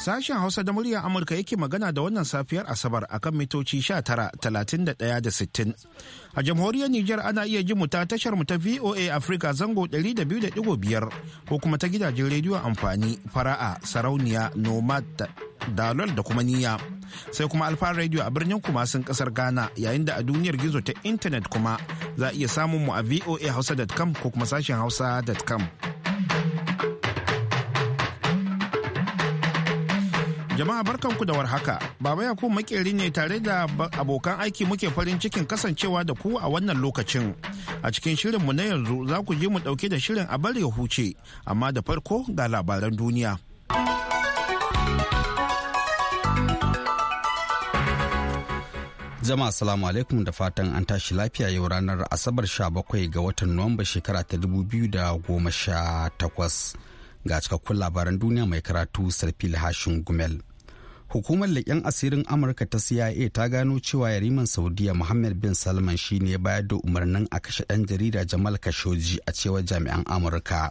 Sashen Hausa da muryar Amurka yake magana da wannan safiyar Asabar a kan mitoci 19,31 da sittin A jamhuriyar Nijar ana iya ji ta tashar mu ta VOA Africa zango 200.5 ko kuma ta gidajen rediyo amfani fara'a sarauniya nomad dalol da kuma niyya. Sai kuma alfa radio a birnin kumasin kasar Ghana yayin da a duniyar gizo ta intanet kuma za a iya samun mu a voa voahausa.com ko kuma sashen hausa.com. Jama'a barkanku da warhaka. Baba Yakubu makeri ne tare da abokan aiki muke farin cikin kasancewa da ku a wannan lokacin. A cikin shirinmu na yanzu za ku je mu ɗauke da shirin a bari ya huce, amma da farko ga labaran duniya. Jama'a salamu alaikum da fatan an tashi lafiya yau ranar Asabar 17 ga watan Nuwamba shekara ta 2018. Ga cikakkun labaran duniya mai karatu Sarfil Hashin Gumel. Hukumar leƙen asirin Amurka ta CIA ta gano cewa yariman Saudiya Muhammad bin Salman shine bayar da umarnin a kashe ɗan jarida Jamal Khashoggi a cewar jami'an Amurka.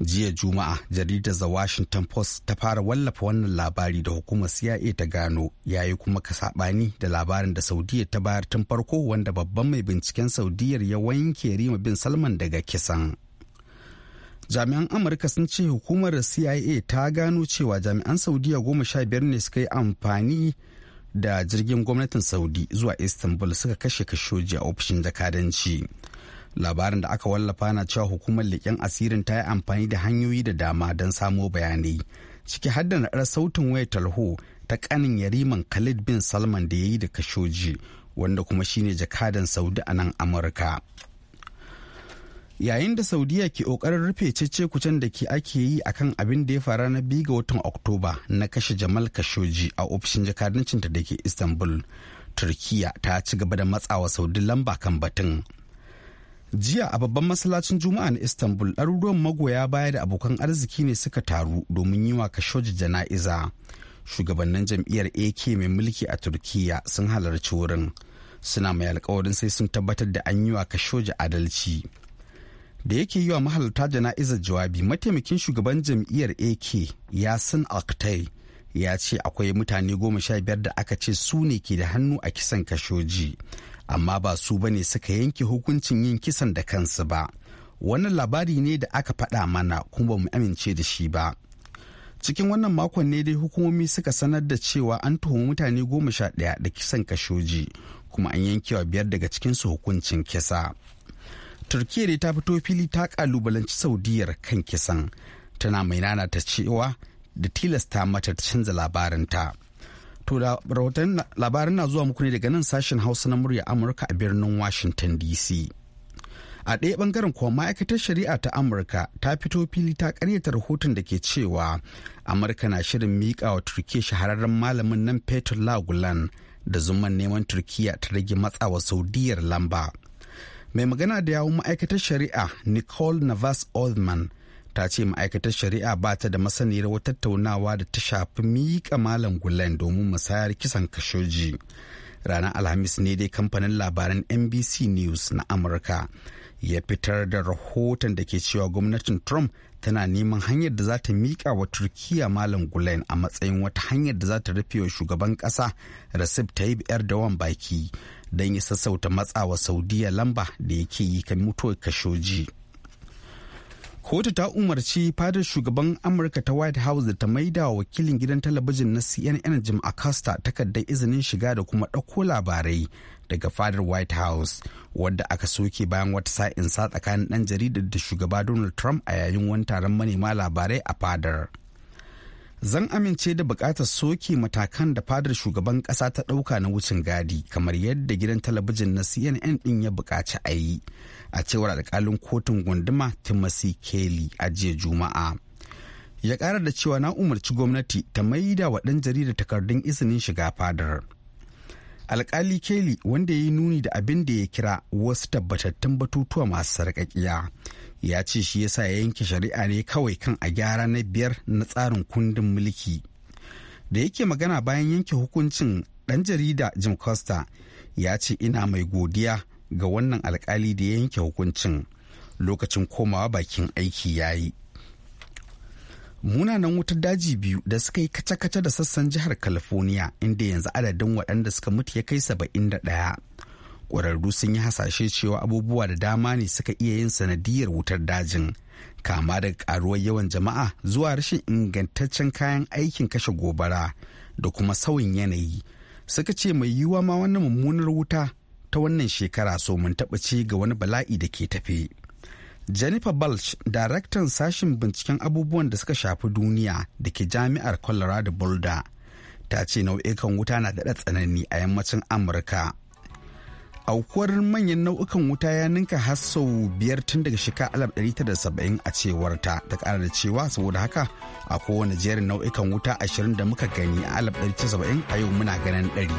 jiya juma'a jaridar the washington post ta fara wallafa wannan labari da hukumar cia ta gano yayi kuma ka saɓani da labarin da saudiya ta bayar tun farko wanda babban mai binciken saudiyar ya wanke rima bin salman daga kisan jami'an amurka sun ce hukumar cia ta gano cewa jami'an saudiya goma sha biyar ne suka yi amfani da jirgin gwamnatin saudi zuwa istanbul suka kashe kashoji a ofishin jakadanci labarin da aka wallafa na cewa hukumar leƙen asirin ta yi amfani da hanyoyi da dama don samo bayanai ciki har da naɗar sautin waya talho ta kanin yariman khalid bin salman da ya yi da kashoji wanda kuma shine jakadan saudi a nan amurka yayin da saudiya ke kokarin rufe cece kucen da ke ake yi akan abin da ya fara na biyu ga watan oktoba na kashe jamal kashoji a ofishin jakadancinta da ke istanbul turkiya ta ci gaba da matsawa saudi lamba kan batun jiya a babban masallacin juma'a na istanbul ɗaruruwan magoya baya da abokan arziki ne suka taru domin yi wa kashoji jana'iza shugabannin jam'iyyar ak mai mulki a turkiya sun halarci wurin suna mai alkawarin sai sun tabbatar da an yi wa kashoji adalci da yake yi wa mahalarta jana'izar jawabi mataimakin shugaban jam'iyyar ak yasin aktai ya ce akwai mutane goma sha biyar da aka ce su ne ke da hannu a kisan kashoji amma ba su ba ne suka yanke hukuncin yin kisan da kansu ba wannan labari ne da aka faɗa mana kuma ba mu amince da shi ba cikin wannan makon ne dai hukumomi suka sanar da cewa an tuhumi mutane goma sha ɗaya da kisan kashoji kuma an yanke wa biyar daga cikinsu hukuncin kisa. turkiyya ta fito fili ta kalubalanci saudiyar kan kisan tana mai nana ta cewa da tilasta mata ta canza labarinta to labarin na zuwa muku ne daga nan sashen hausa na murya amurka a birnin washington dc a ɗaya ɓangaren kuwa ma'aikatar shari'a ta amurka ta fito fili ta karyata rahoton da ke cewa amurka na shirin miƙa wa turkiya shahararren malamin nan petur lagulan da zuman neman turkiya ta rage matsawa saudiyar lamba mai magana da yawun ma'aikatar shari'a nicole navas oldman ta ce ma'aikatar shari'a ba ta da masaniyar wata tattaunawa da ta shafi miƙa malam gulen domin musayar kisan kashoji ranar alhamis ne dai kamfanin labaran nbc news na amurka ya fitar da rahoton da ke cewa gwamnatin trump tana neman hanyar da za ta miƙa wa turkiya malam gulen a matsayin wata hanyar da za ta rufe wa shugaban ƙasa recep tayyip erdogan baki don ya sassauta matsawa saudiya lamba da yake yi kan mutuwar kashoji kotu ta umarci fadar shugaban amurka ta white house da ta maida wa wakilin gidan talabijin na cnn jim acosta takardar izinin shiga da kuma ɗauko labarai daga fadar white house wadda aka soke bayan wata sa'in sa tsakanin ɗan jaridar da shugaba donald trump a yayin wani taron manema labarai a fadar zan amince da bukatar soke matakan da fadar shugaban kasa ta dauka na wucin gadi kamar yadda gidan talabijin na cnn din ya bukaci a yi a cewar alkalin kotun gunduma timothy kelly a jiya juma'a ya kara da cewa na umarci gwamnati ta maida wa dan jarida takardun izinin shiga fadar alkali kelly wanda ya yi nuni da abin da ya kira wasu tabbatattun batutuwa masu sarƙaƙiya ya ce shi yasa ya yanke shari'a ne kawai kan a gyara na biyar na tsarin kundin mulki da yake magana bayan yanke hukuncin dan jarida jim costa ya ce ina mai godiya ga wannan alkali da ya yanke hukuncin lokacin komawa bakin aiki ya yi munanan wutar daji biyu da suka yi kace-kace da sassan jihar california inda yanzu adadin waɗanda suka mutu ya kai da ɗaya. Kwararru sun yi hasashe cewa abubuwa da dama ne suka iya yin sanadiyar wutar dajin kama daga karuwar yawan jama'a zuwa rashin ingantaccen kayan aikin kashe gobara da kuma sauyin yanayi suka ce mai yiwuwa ma wannan mummunar wuta ta wannan shekara so mun taɓa ce ga wani bala'i da ke tafe jennifer balch daraktan sashen binciken abubuwan da suka shafi duniya da ke jami'ar colorado boulder ta ce nau'ikan wuta na daɗa tsanani a yammacin amurka aukuwar manyan nau'ukan wuta ya ninka har sau biyar tun daga shika 1970 a cewar ta ta kara da cewa saboda haka a kowane jerin nau'ikan wuta ashirin da muka gani a 1970 a yau muna ganin ɗari.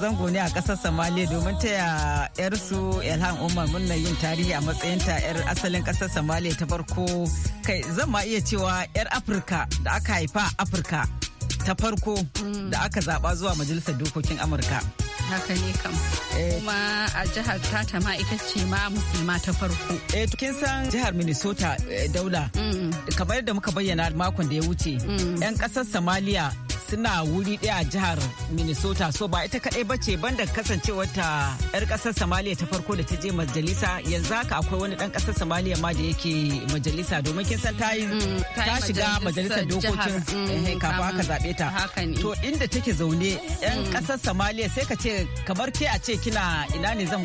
zango ne a kasar Somalia domin taya su Elhan Umar muna yin tarihi a matsayinta yar asalin kasar Somalia ta farko kai zan ma iya cewa yar Afirka da aka haifa a Afirka ta farko da mm. aka zaba zuwa majalisar dokokin Amurka. haka ne kam eh. kuma a jihar tata ma ita ce ma musulma ta farko eh kin san jihar minnesota eh, daula mm. kamar da muka bayyana makon da ya wuce yan mm. kasar somalia suna wuri ɗaya a jihar Minnesota so ba ita kaɗai ba ce banda kasancewar ta 'yar ƙasar Somalia ta farko da ta je majalisa yanzu haka akwai wani ɗan ƙasar Somalia ma da yake majalisa domin kin san ta mm, shiga majalisar dokokin mm, eh, eh, kafin haka zaɓe ta. To inda take zaune 'yan mm. ƙasar Somalia sai ka ce kamar ke a ce kina ina ne zan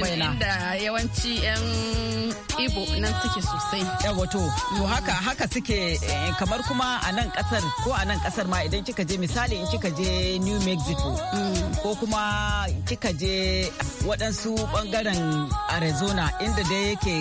bayyana. inda yawanci 'yan Ibo nan suke sosai. wato to haka haka suke eh, kamar kuma a nan ƙasar ko a nan ƙasar ma idan kika kika je misali in kika je new mexico ko kuma kika je waɗansu ɓangaren arizona inda da yake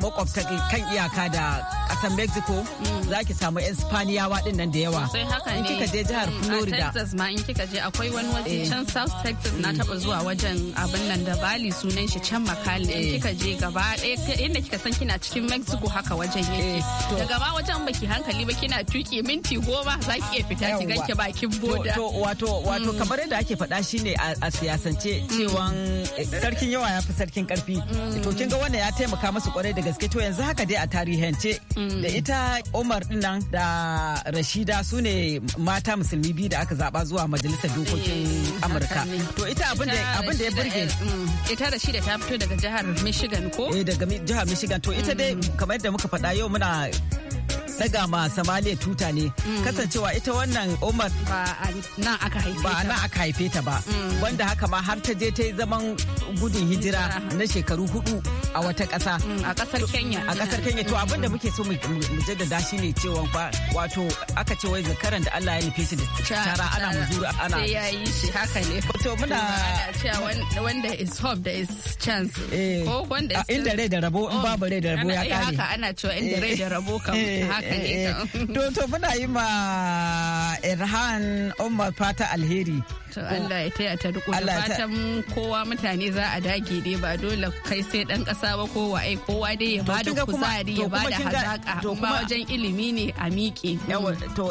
makwabta kan iyaka da kasar mexico mm. za ki samu yan spaniyawa din nan da yawa in kika je jihar mm, florida texas ma in kika je akwai wani waje eh. can south texas na taba zuwa wajen abin nan da bali sunan shi can makali in eh. kika je gaba ɗaya inda kika san kina cikin mexico haka wajen yake eh, Da gaba wajen baki hankali ba kina tuki minti goma za ki iya fita ki ganke bakin boda wato wato mm. kamar yadda ake faɗa shine a siyasance cewan sarkin yawa ya fi sarkin karfi to kin ga wannan ya taimaka masu kwarai da gaske to yanzu haka dai a tarihance mm. da ita Umar dinnan da Rashida su ne mata musulmi biyu da aka zaba zuwa majalisar dokokin mm. Amurka. To ita abin da ya burge. Mm. Ita Rashida ta fito daga jihar Michigan ko? Eh daga jihar Michigan to ita dai kamar yadda muka faɗa yau muna daga ma samaliya tuta ne mm. kasancewa ita wannan Umar ba a aka haife ba nan aka haife ta ba mm. wanda haka ma har ta je ta yi zaman gudun hijira na shekaru hudu a wata ƙasa mm, a ƙasar Kenya a ƙasar Kenya to abin da muke so mu jaddada ne cewa wato aka ce wai zakaran da Allah ya nufi shi da tara ana muzuru ana sai yayi shi haka ne to muna wanda is hope there is chance eh. ko wanda inda rai da rabo in babu rai da rabo ya kare haka ana cewa inda rai da rabo kan eh. haka Eh, eh. Eh, to muna yi ma Irhan Umar fata alheri. To Allah ya taya ta riko da fatan kowa mutane za a dage dai ba dole kai sai dan kasa ba kowa ai kowa dai ya bada kuzari ya bada hazaka to wajen ilimi ne a miƙe. to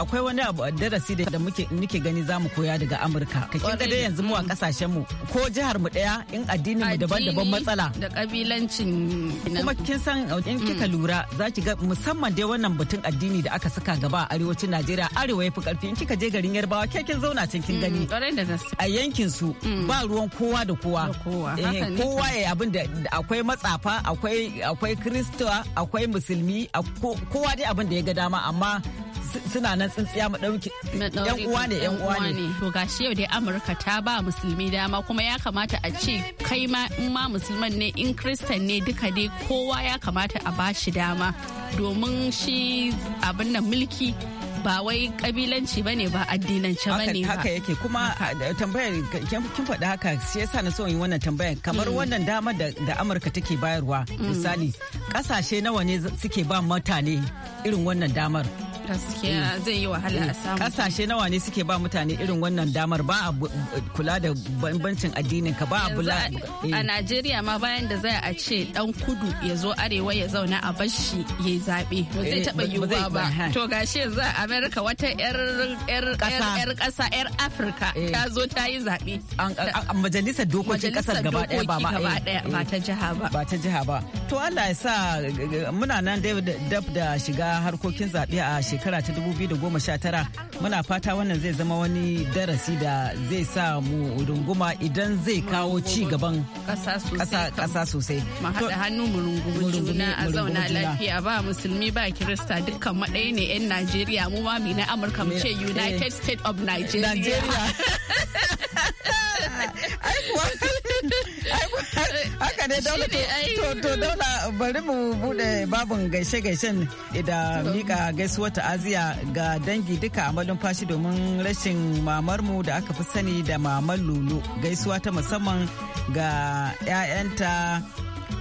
akwai wani abu darasi da muke nike gani za mu koya daga Amurka. Ka kin ga dai yanzu mu a kasashen mu ko jihar mu daya in addini mu daban-daban matsala. Da kabilancin kuma kin san in kika mm. lura za ki ga musamman dai wannan batun addini da aka saka gaba a arewacin Najeriya arewa ya fi karfi in kika je garin yarbawa ke kin zauna can kin mm, gani a yankin su mm. ba ruwan kowa da kowa kowa eh, ya abin da akwai matsafa akwai akwai akwai musulmi kowa dai abin da ya ga dama amma suna nan tsintsiya madauki yan uwa ne yan uwa ne to gashi yau dai amurka ta ba musulmi dama kuma ya kamata a ce kai ma in ma musulman ne in kristan ne duka dai kowa ya kamata a bashi dama domin shi abin nan mulki ba wai kabilanci ba ne ba addinance ba ne haka yake kuma tambayar kin faɗi haka shi yasa na so yi wannan tambayar kamar mm. wannan dama da amurka take bayarwa mm. misali kasashe nawa ne suke ba mutane irin wannan damar gaskiya eh. zai yi wahala a eh. samu kasashe nawa ne suke ba mutane irin wannan damar ba a kula da bambancin addinin ka ba a bula eh. a Najeriya ma bayan da zai a ce dan kudu ya zo arewa ya zauna a bashi ya yi zabe ba zai taba yiwuwa ba to gashi yanzu a America wata yar yar yar kasa yar Afirka ta zo ta yi zabe majalisar dokokin kasar gaba daya ba ba ta jiha ba ba ta jiha ba to Allah ya sa muna nan dab da shiga harkokin zabe a shekara ta 2019 muna fata wannan zai zama wani darasi da zai sa mu runguma idan zai kawo ci gaban kasa sosai. Mu hannu mu juna a zauna lafiya ba musulmi ba kirista dukkan maɗaya ne 'yan Najeriya mu ma na Amurka mu ce United eh, state of Nigeria. haka ne daula to daula bari mu bude babun gaishe-gaishen da mika gaisuwar ta'aziya ga dangi duka a fashi domin rashin mamarmu da aka fi sani da mamar lulu gaisuwa ta musamman ga 'ya'yanta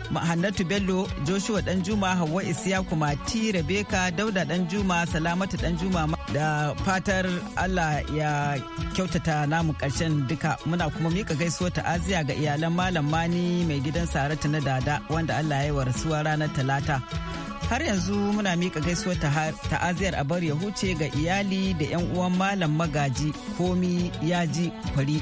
Mahannatu Bello, Joshua Danjuma, Hauwa Isiya T. Rebecca, Dauda Danjuma, Salamatu Danjuma da fatar Allah ya kyautata namu karshen duka. Muna kuma mika gaisuwa ta'aziya ga iyalan Malam Mani mai gidan Saratu na Dada wanda Allah ya yi wa rasuwa ranar Talata. har yanzu muna mika gaisuwar ta'aziyar abar ya huce ga iyali da 'yan uwan malam magaji komi yaji kwari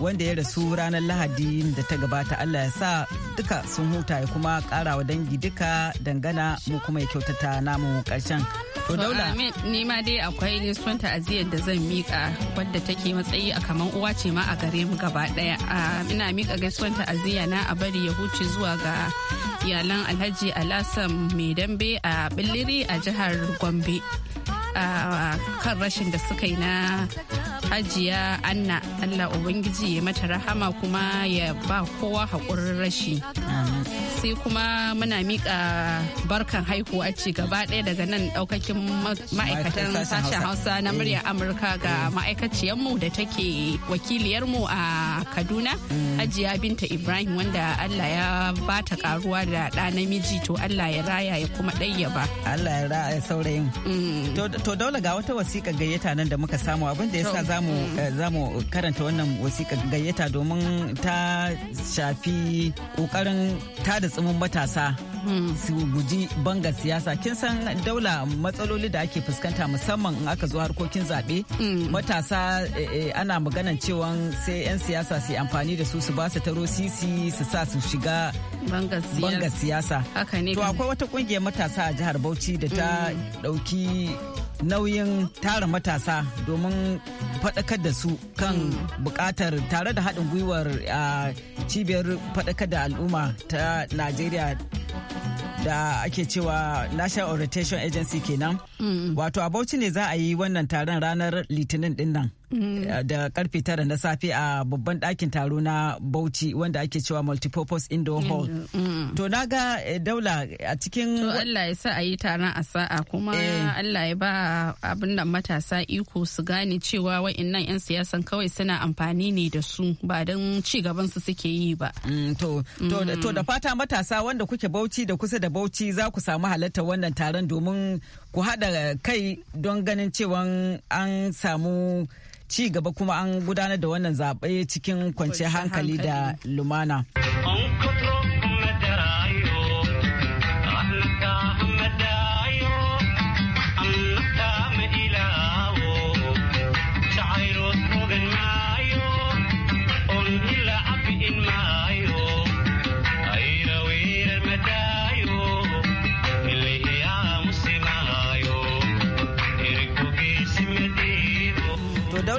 wanda ya rasu ranar lahadi da ta gabata allah ya sa duka sun huta ya kuma kara dangi duka dangana mu kuma ya kyautata namu karshen to daula ni ma dai akwai gaisuwar ta'aziyar da zan mika wadda take matsayi a kaman uwa ce ma a gare mu gaba daya ah, ina mika gaisuwar ta'aziyya na a bari ya huce zuwa ga iyalan alhaji alasan mai dambe a billiri a jihar gombe kan rashin da suka yi na hajiya anna allah ubangiji ya mata rahama kuma ya ba kowa haƙurin rashi sai kuma muna miƙa barkan haihuwa ci gaba ɗaya daga nan ɗaukakin ma'aikatan sashen hausa na muryar eh. amurka ga eh. ma'aikaciyarmu da take wakiliyarmu a kaduna eh. hajiya binta ibrahim wanda allah ya ba ta karuwa da ɗa namiji to allah ya raya ya kuma ɗayyaba allah ya raya saurayin mm. to daula ga wata wasiƙa gayyata nan da muka samu abin da yasa zamu eh, zamu karanta wannan wasiƙa gayyata domin ta shafi kokarin tada tsimin matasa hmm. su guji bangar siyasa kin san daula matsaloli da ake fuskanta musamman in aka zo harkokin zaɓe hmm. matasa eh, eh, ana maganan cewa sai 'yan siyasa su amfani da su su ba su taro sisi su sa su shiga bangar siyasa to akwai wata ƙungiyar matasa a jihar bauchi da ta hmm. ɗauki nauyin tara matasa domin faɗakar da su kan mm. bukatar tare da haɗin gwiwar cibiyar faɗakar da al'umma ta najeriya da ake cewa national orientation agency kenan mm. wato a bauchi ne za a yi wannan taron ranar litinin dinnan. Mm. Eh, da karfe tara na safe a babban dakin taro na Bauchi wanda ake cewa multipurpose indoor hall. Mm, mm. To na ga eh, daula a cikin. To Allah ya sa a yi taron a sa'a kuma eh. Allah ya ba abin da matasa iko su gane cewa wa'innan 'yan siyasan kawai suna amfani ne da su ba don ci gaban su suke yi ba. To da fata matasa wanda kuke Bauchi da kusa da Bauchi za ku samu halartar wannan taron domin ku haɗa kai don ganin cewa an samu ci gaba kuma an gudanar da wannan zaɓe cikin kwanciyar hankali da lumana.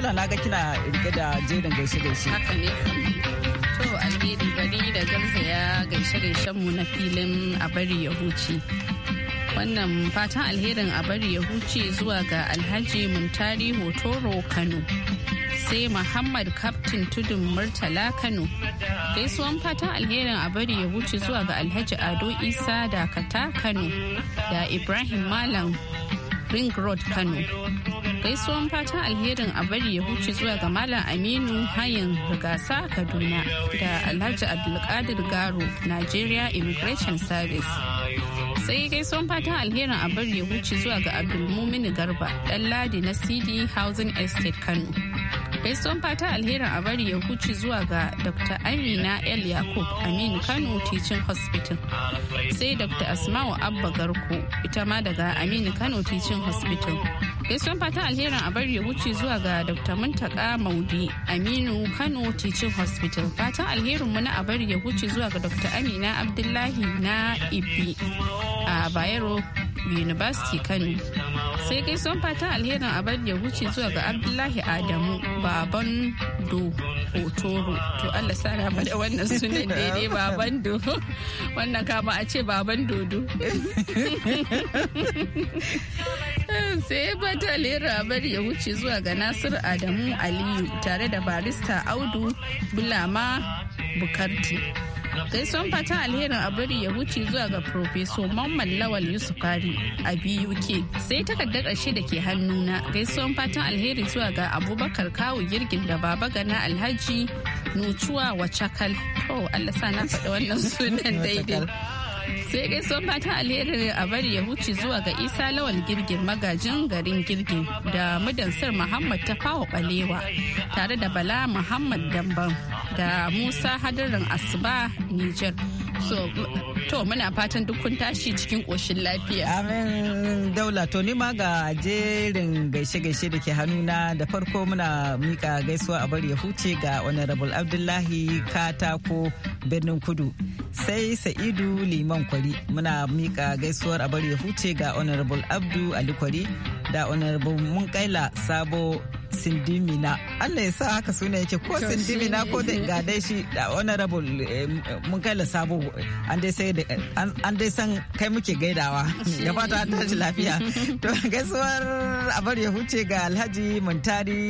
Paula na ga kina rike da jerin gaishe-gaishe. Haka ne. To alheri bari da ya gaishe-gaishen mu na filin a bari ya huce. Wannan fatan alherin a bari ya huce zuwa ga Alhaji Muntari Hotoro Kano. sai Muhammad Kaftin Tudun Murtala Kano. Gaisuwan fatan alherin a bari ya huce zuwa ga Alhaji Ado Isa Dakata Kano da Ibrahim Malam Ring Road Kano gaisuwan fatan alherin a bari ya huce zuwa ga malam aminu hayin rigasa kaduna da alhaji abdulkadir garo nigeria immigration service sai gaisuwan fatan alherin a bari ya huce zuwa ga abdulmumin garba dan ladi na cd housing estate kano gaisuwan fata alherin a bari ya huce zuwa ga dr amina el yakub aminu kano teaching hospital sai dr asma'u abba garko ita ma daga aminu kano teaching hospital gaisuwan fata alherin a bari ya huce zuwa ga dr muntaka maudi aminu kano teaching hospital fatan alherin mu na a bari ya huce zuwa ga dr amina abdullahi na ibi a bayero university kano sai kai gaison fatan alherin abar ya wuce zuwa ga abdullahi adamu baban do hotoro to allah sa sara da wannan sunan daidai baban do wannan kama a ce baban dodo sai bata lera bar ya wuce zuwa ga nasir adamu aliyu tare da barista audu bulama bukarti Gaisuwan fatan alherin a bari ya huce zuwa ga Profeso Mamman Lawal Yusuf Kari a BUK. Sai takardar ƙarshe da ke hannuna gaisuwan fatan alherin zuwa ga Abubakar Kawu Girgin da Baba Gana Alhaji Nutuwa Wacakal. Oh, Allah sa na faɗi wannan sunan daidai. sai gaisuwar mata alheri a bari ya huce zuwa ga isa lawal girgin magajin garin girgin da mudansar muhammad ta fawa balewa tare da bala muhammad damban da musa hadarin asuba niger so to muna fatan duk kun tashi cikin koshin lafiya amin daula to ni ma ga jerin gaishe-gaishe da ke hannu na da farko muna mika gaisuwa a bari ya huce ga honorable abdullahi katako birnin kudu sai sa'idu liman kwari muna mika gaisuwar a bari ya huce ga honorable abdu ali kwari da honorable munkaila sabo sindimina allah ya sa haka suna yake ko sindimina ko da ga dai shi da honorable eh, mun kai la sabo an dai sai an dai san kai muke gaidawa da fata ta ji lafiya to gaisuwar abar ya huce ga alhaji Muntari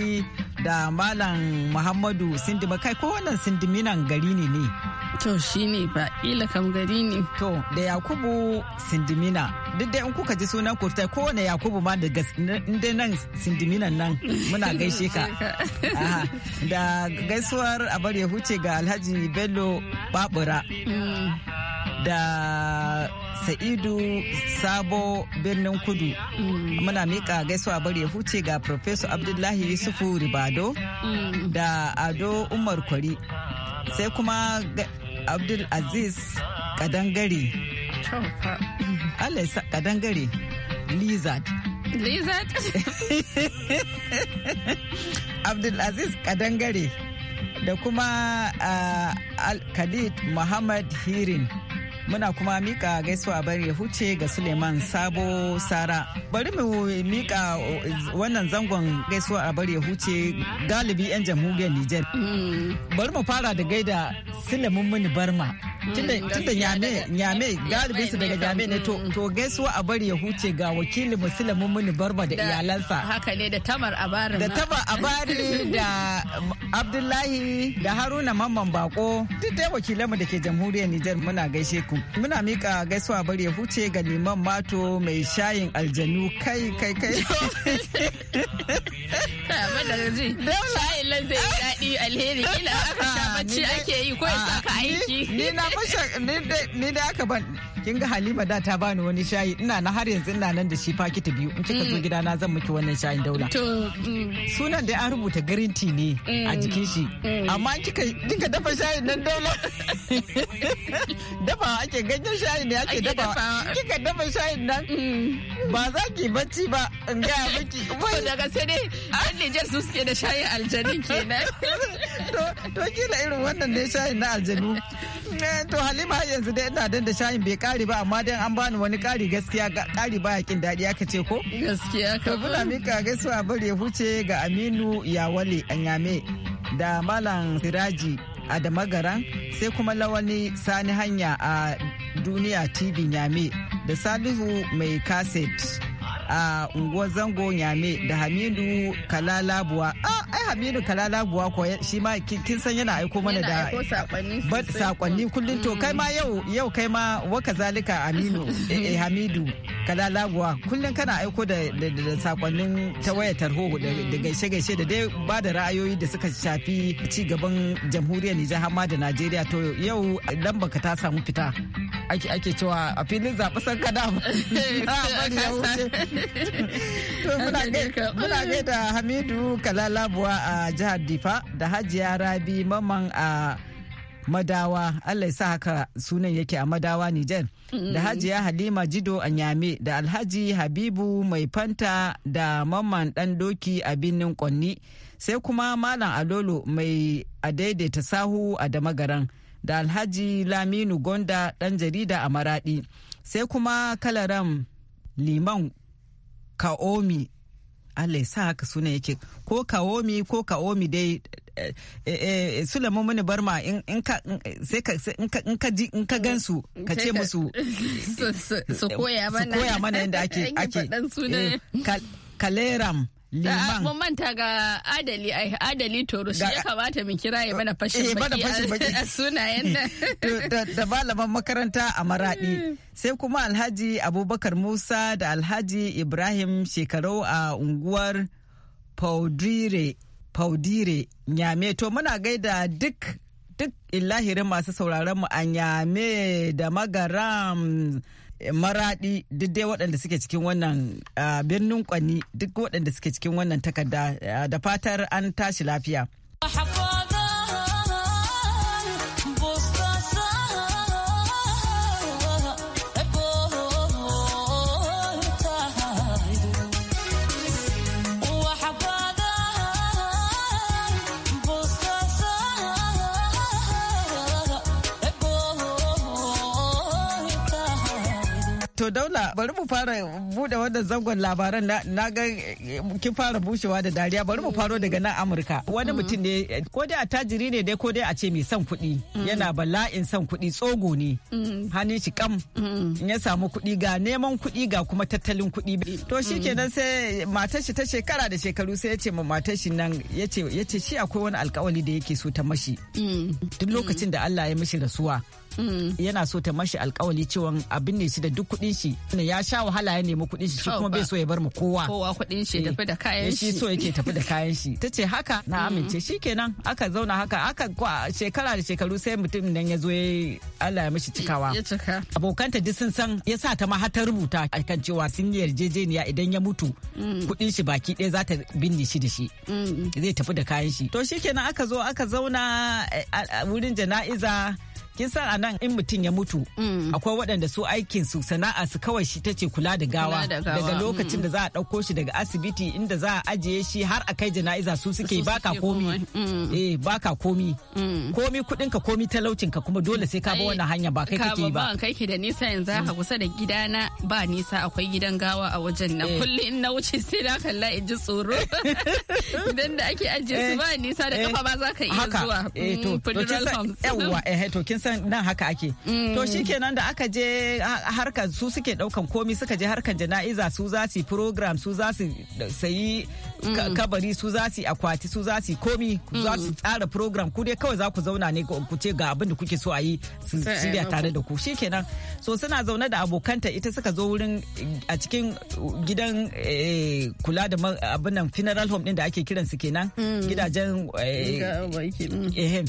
da malam muhammadu sindima kai ko wannan sindiminan gari ne ne to shine ba ila kam gari ne to da yakubu sindimina duk da in kuka ji sunan kurtai kowane yakubu ma da inda nan sindiminan nan muna gaishe ka da gaisuwar bari ya huce ga alhaji bello babura mm. da sa'idu sabo birnin kudu mm. muna mika gaisuwa bari ya huce ga professor abdullahi yusufu ribado mm. da ado umar kwari sai kuma abdul aziz kadangare Allah ya kadangare lizard lizard abdulaziz kadangare da kuma ah, khalid muhammad hirin muna kuma mika gaisuwa bari ya huce ga suleiman sabo sara bari mu mika eh, wannan zangon gaisuwa a bari ya huce galibi 'yan jamhuriyar nijar hmm. bari mu fara da gaida Suleiman Muni barma tunda mm. nyame nyame galibi su daga nyame ne mm. to gaisuwa a bari ya huce ga wakili musulmin muni barba da iyalansa haka ne da tamar abari da tamar abari da abdullahi da haruna mamman bako duk dai wakilan mu da ke jamhuriyar nijar muna gaishe ku muna mika gaisuwa a bari ya huce ga liman mato mai shayin aljanu kai kai kai shayin lan zai daɗi alheri kila aka sha bacci ake yi ko ya saka aiki ni da aka ban kin ga Halima da ta bani wani shayi ina na har yanzu ina nan da shi fakiti biyu in kika zo mm. gida na zan miki wannan shayin daula. Mm. Sunan da an rubuta green tea ne a mm. jikin shi amma kika kika dafa shayin nan daula dafa ake ganyen shayin ne ake dafa kika dafa shayin nan ba za ki bacci ba in ga miki wai daga sai dai an jar su suke da shayin aljanu kenan to kila irin wannan ne shayin na aljanu Eh, to halima yanzu da ina dan da shayin bai kare ba amma dan an bani wani kari gaskiya kari ba yakin daɗi aka ce ko gaskiya ka muna mika gaisuwa bari ya huce ga aminu yawale anyame da malam siraji a da sai kuma lawani sani hanya a duniya tv nyame da salihu mai kaset a unguwar zango nyame da hamidu kalalabuwa a ai hamidu kalalabuwa ko shi ma kin san yana aiko mana da sakonni kullum to kai ma yau yau kai ma waka zalika aminu eh, eh hamidu kalalabuwa kullum kana aiko da sakonnin ta wayar tarho da gaishe gaishe da dai ba da ra'ayoyi da suka shafi ci gaban jamhuriyar Nijar har da Najeriya to yau lamba ka ta samu fita ake ake cewa a filin zaɓi san kada ba ya wuce muna gaida hamidu kalalabuwa a jihar difa da hajiya rabi maman a madawa allah ya sa haka sunan yake a madawa nijar da mm. hajiya halima jido a nyame da alhaji habibu mai fanta da mamman dan doki a birnin kwanni sai kuma malam alolo mai adaidaita sahu a damagaran da alhaji laminu gonda ɗan jarida a maraɗi sai kuma kalaram liman kaomi allah sa haka suna yake ko kaomi ko kaomi dai eh, eh, eh, sulaiman mini barma in ka ka gansu ka ce musu su koya mana yadda ake kaleram liman mun manta ga adali ai adali toro shi ya kamata mu kira ya mana fashin eh, baki a sunayen nan da malaman makaranta a maradi sai kuma alhaji abubakar musa da alhaji ibrahim shekarau a unguwar paudire paudire nyame to muna gaida duk duk illahirin masu sauraron mu a nyame da magaram maradi duk dai waɗanda suke cikin wannan birnin kwani duk waɗanda suke cikin wannan takarda da fatar an tashi lafiya. To daula bari mu fara bude wannan zangon labaran na ga eh, kin fara bushewa da dariya bari mu faro daga nan Amurka. Wani mm-hmm. mutum ne eh, ko dai a attajiri ne dai ko dai a ce mai son kuɗi mm-hmm. yana bala'in son kuɗi tsogo ne. Mm-hmm. Hannun shi kam ya samu kuɗi ga neman kuɗi ga kuma tattalin kuɗi. To shi kenan sai matar shi ta shekara da shekaru sai ya ce ma matar shi nan ya ce shi akwai wani alkawali da yake so ta mashi. Duk lokacin da Allah ya mishi rasuwa. Yana so ta mashi alkawali cewa abin ne shi da duk kuɗi kuɗin shi ya sha wahala ya nemi kuɗin shi shi kuma bai so ya bar mu kowa kowa kuɗin shi tafi da kayan eh, shi so yake tafi da kayan shi ta haka na mm. amince shikenan aka zauna haka aka shekara da shekaru sai mutum nan ya zo ya Allah ya mishi cikawa ya cika abokanta duk sun san ya sa ta ma har ta rubuta kan cewa sun yi yarjejeniya idan ya mutu mm. kuɗin shi baki ɗaya za ta binne shi da shi mm. zai tafi da kayan shi to shikenan aka zo aka zauna eh, wurin jana'iza kin san a nan in mutum ya mutu mm. akwai waɗanda su aikin su sana'a su kawai shi ta ce kula da gawa daga lokacin mm. da za a ɗauko shi daga asibiti inda za a ajiye shi har a kai jana'iza su suke baka komi mm. eh baka komi komi kuɗin ka komi talaucin ka kuma dole sai ka bi wannan hanya ba kai kake ba ka kai da nisa yanzu haka kusa da gidana ba nisa akwai gidan gawa a wajen nan eh. kullum in na wuce sai na kalla in ji tsoro idan da ake ajiye su eh. ba nisa da kafa ba za ka iya eh, zuwa eh to to kin san nan haka ake to mm. shikenan da aka je harkar su suke daukan komi suka je harkar jana'iza su za su program su za su sayi mm. kabari su za su akwati su za su komi za su mm. tsara program ku dai kawai za ku zauna ne ku ce ga abin da kuke so a yi su shirya tare da ku shikenan so suna zaune da abokanta ita suka zo wurin a cikin gidan eh, kula da abin nan funeral home din da ake kiran su kenan gidajen eh, ehem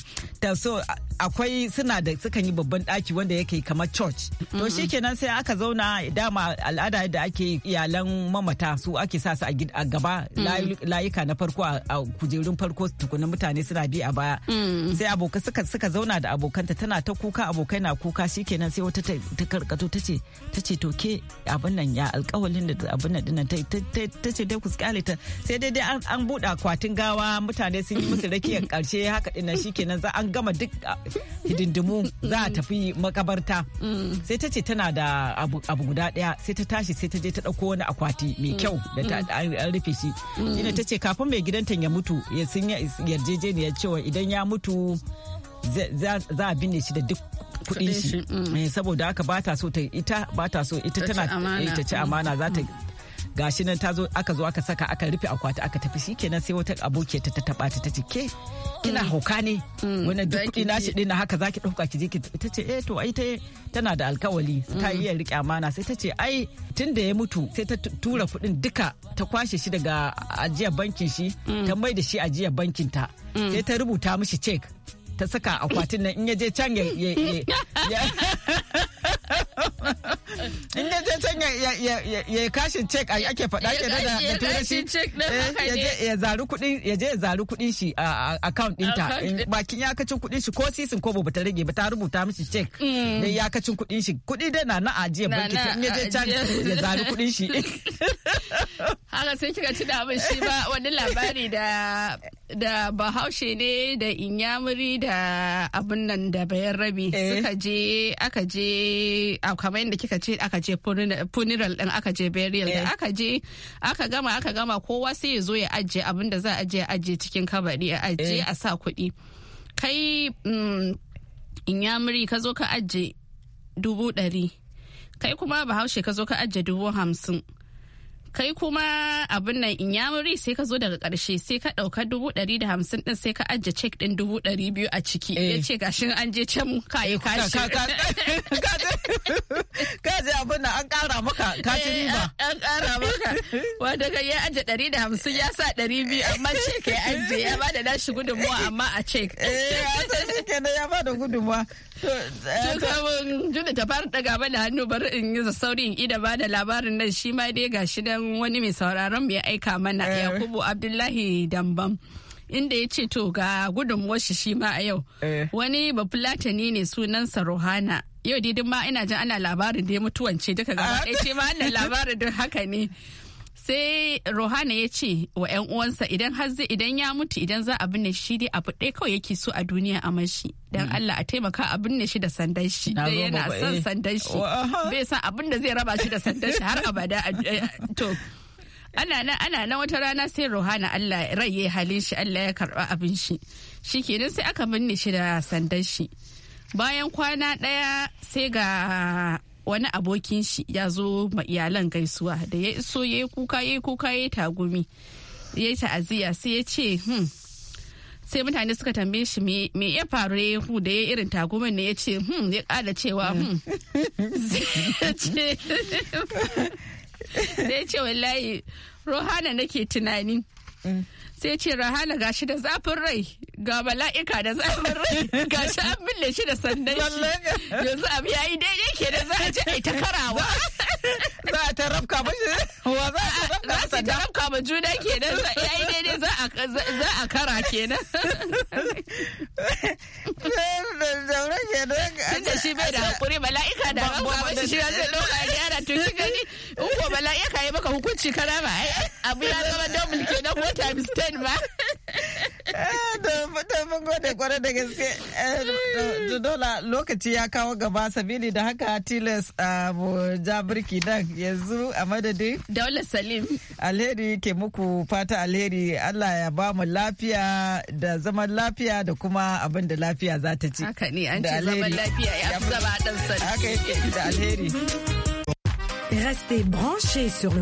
so akwai suna da sukan yi babban ɗaki wanda yake kamar church to mm-hmm. shikenan sai aka zauna dama al'ada da ake iyalan mamata su ake sa su a gaba mm. layuka na farko a kujerun farko tukunan mutane suna bi a baya mm. sai abokan suka suka zauna da abokanta tana ta kuka abokai na kuka shikenan sai wata ta karkato ta ce ta ce to ke abin nan ya alkawalin da abin nan dinnan ta ce dai ku kyale ta sai dai dai an buɗe akwatin gawa mutane sun yi musu rakiyar karshe haka dinnan shikenan za an gama duk hidindimu abu za a tafi makabarta mm. sai ta ce tana da abu guda daya sai ta tashi sai ta je ta dauko wani akwati mai mm. kyau da mm. an rufe shi ina ta ce kafin mai gidanta ya mutu ya sun yarjejeniya cewa idan ya mutu za a binne shi da duk kudin shi eh, saboda haka ba ta so ta ita ba so ita tana eh, ta ci amana za ta gashi nan ta zo aka zo aka saka aka rufe akwati aka tafi shikenan sai wata abokiyar ta taba ta tace ke kina mm. hauka ne mm. wannan duk kudi nashi din na haka zaki dauka ki je ki tace eh to ai ta tana da alkawali mm. ta iya rike amana sai tace ai tun da ya mutu sai ta tura kudin duka ta kwashe shi daga ajiyar bankin shi ta mai da shi ajiyar bankin ta sai ta rubuta mishi cek ta saka akwatin nan in ya je can ya in dai zai can ya kashin cek a ake faɗa ke da turanci eh, ya zaru kuɗin ya je ya zaru kuɗin shi a account ɗinta bakin ya kacin kuɗin shi ko sisin ko ba ta rage ba ta rubuta mishi cek da mm. ya kacin kuɗin shi kuɗi dai na na ajiye banki in ya je can ya zaru kuɗin shi haka sai kika ci da abin shi ba wani labari da da bahaushe ne da inyamuri da abin nan da bayan rabi eh. suka je aka je kamar yadda kika ce aka je funeral din aka je burial din eh. aka je aka gama aka gama kowa sai ya zo ya ajiye abin da za a ajiye ajiye cikin kabari a ajiye eh. a sa kuɗi kai in mm, inyamuri ka zo ka ajiye dubu ɗari kai kuma bahaushe ka zo ka ajiye dubu hamsin kai kuma abin nan in inyamuri sai ka zo daga karshe sai ka dauka dubu dari da hamsin din sai ka ajiye cek din dubu dari biyu a ciki ya eh. ce gashin an je can ka yi eh, kashi ka je abin nan an kara maka kashi eh, riba an kara maka wanda ka yi ajiye ɗari da hamsin ya sa ɗari biyu amma cek ya ajiye ya ba da shi gudunmuwa amma a cek eh ya ya gudunmuwa Tun juda ta fara daga bada hannu bari in yi sauri in ida ba da labarin nan shi ma dai gashi nan nan wani mai sauraron mai aika mana eh. Yakubu Abdullahi Dambam. inda ya ce to ga gudun shi shi ma a yau eh. wani bafulatani ne sunansa ruhana yau didin ma ina jin ana labarin da ya mutuwance duka gaba ɗaya ce ma ana labarin duk haka ne sai rohana ya ce wa 'yan uwansa idan har idan ya mutu idan za a binne shi dai abu ɗaya kawai yake so a duniya a mashi dan mm. Allah a taimaka a binne shi da sandan shi dai yana son eh. sandan shi bai san abin da zai raba shi da sandan shi har abada eh, to ana nan ana nan wata rana sai rohana Allah rai ya halin shi Allah ya karba abin shi shikenan sai aka binne shi da sandan shi bayan kwana ɗaya sai ga wani abokin shi ya zo ma iyalan gaisuwa da ya iso ya yi kuka ya yi kuka ya yi tagumi ya yi ta'aziyya sai ya ce hmm. sai mutane suka tambaye shi me ya faru ya yi hu da ya yi irin tagumin ne ya ce hmm ya kada cewa hmm da ya ce wallahi rohana nake tunani mm. sai ce rahala ga shi da zafin rai ga mala'ika da zafin rai ga shi an bille shi da sandan shi yanzu abu yayi daidai ke da za a ai ta karawa za a ta rafka mashi wa za a rafka rafka ma juna kenan za a yi ne za a za a kara kenan zaure bai da hakuri mala'ika da rafka mashi shi gani in ko mala'ika ya maka hukunci kana ba abu ya zama na ko times ba Da eh, mun gode kwarai da gaske. Dodola eh, lokaci ya kawo gaba sabili da haka tilas mu ja birki nan yanzu a madadin. Daula Salim. Alheri ke muku fata alheri Allah ya ba mu lafiya da zaman lafiya da kuma abin da lafiya za ta ci. Haka ne an ce zaman lafiya ya fi zama ɗan sani. Haka yake da alheri. Restez branchés sur